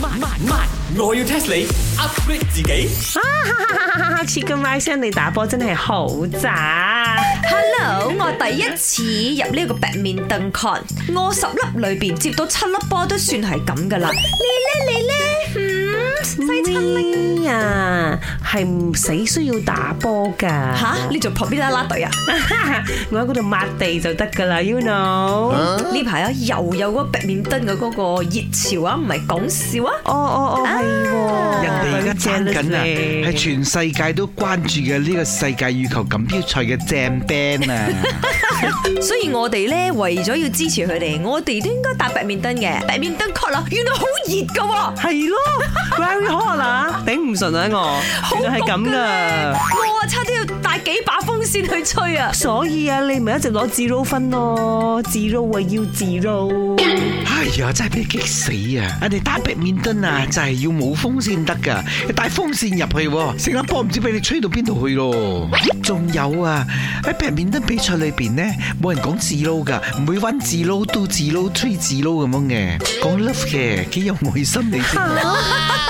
慢慢，my, my, my. 我要 test 你 upgrade 自己啊！哈！ 哈！哈！哈！哈！Chika Mike，你打波真係好渣。Hello，我第一次入呢個白面凳群，我十粒裏邊接到七粒波都算係咁噶啦。你咧？你咧？嗯，再親力啊！ 係唔使需要打波噶吓？呢就撲面啦啦隊啊！我喺嗰度抹地就得噶啦，you know？呢排啊又有個白面燈嘅嗰個熱潮啊？唔係講笑啊？哦哦哦，係，人哋而家爭緊啊，係全世界都關注嘅呢個世界羽球錦標賽嘅正兵啊！所以我哋咧為咗要支持佢哋，我哋都應該搭白面燈嘅。白面燈 call 啦，原來好熱噶，係咯？Very hot 啊！頂唔順啊我。原來係咁噶，我啊差啲要帶幾把風扇去吹啊！所以啊，你咪一直攞自撈分咯，自撈啊要自撈！哎呀，真係俾你激死啊！人哋打壁面燈啊，就係要冇風先得噶，你帶風扇入去，成粒波唔知俾你吹到邊度去咯！仲有啊，喺壁面燈比賽裏邊咧，冇人講自撈噶，唔會玩自撈到自撈吹自撈咁樣嘅，講 love 嘅，幾有愛心你先。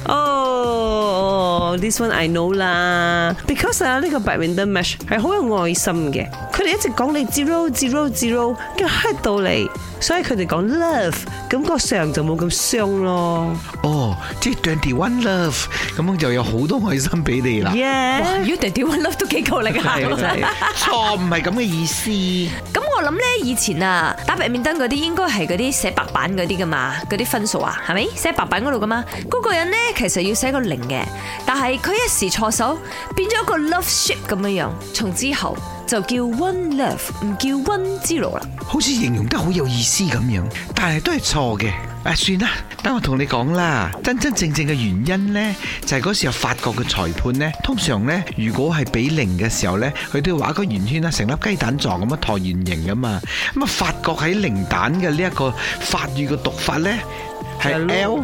哦，this one I know 啦，because 啊呢個白面燈 match 係好有愛心嘅，佢哋一直講你 zero zero zero，跟住 hit 到你，所以佢哋講 love，感覺上就冇咁傷咯。哦，即係 Dandy One Love，咁樣就有好多愛心俾你啦。Yes，哇，youDandy One Love 都幾夠力啊！錯，唔係咁嘅意思。咁我諗咧，以前啊打白面燈嗰啲，應該係嗰啲寫白板嗰啲噶嘛，嗰啲分數啊，係咪寫白板嗰度噶嘛？嗰個人咧。其實要寫個零嘅，但係佢一時錯手變咗一個 love s h i t 咁樣樣，從之後就叫 one love，唔叫 one 之路啦。好似形容得好有意思咁樣，但係都係錯嘅。誒，算啦，等我同你講啦。真真正正嘅原因咧，就係嗰時候法國嘅裁判咧，通常咧，如果係比零嘅時候咧，佢都要畫一個圓圈啦，成粒雞蛋狀咁樣，橢圓形噶嘛。咁啊，法國喺零蛋嘅呢一個法語嘅讀法咧係 L。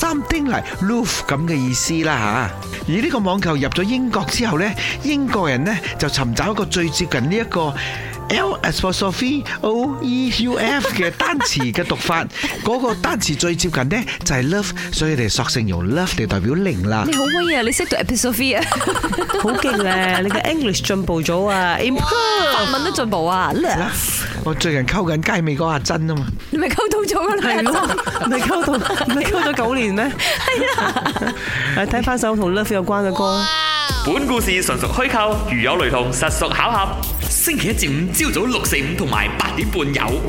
Something like love 咁嘅意思啦嚇，而呢個網球入咗英國之後咧，英國人咧就尋找一個最接近呢一個 L apostrophe O E U F 嘅單詞嘅讀法，嗰個單詞最接近咧就係 love，所以你索性用 love 嚟代表零啦。你好威啊，你識到 apostrophe 啊，好勁啊，你嘅 English 進步咗啊，improve 問得進步啊。我最近溝緊街尾嗰阿珍啊嘛，你咪溝到咗啦，咪溝到咪溝到咁。年咩？係啊，嚟睇翻首同 love 有關嘅歌。本故事純屬虛構，如有雷同，實屬巧合。星期一至五朝早六四五同埋八點半有。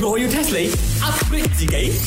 我要 test 你 upgrade 自己。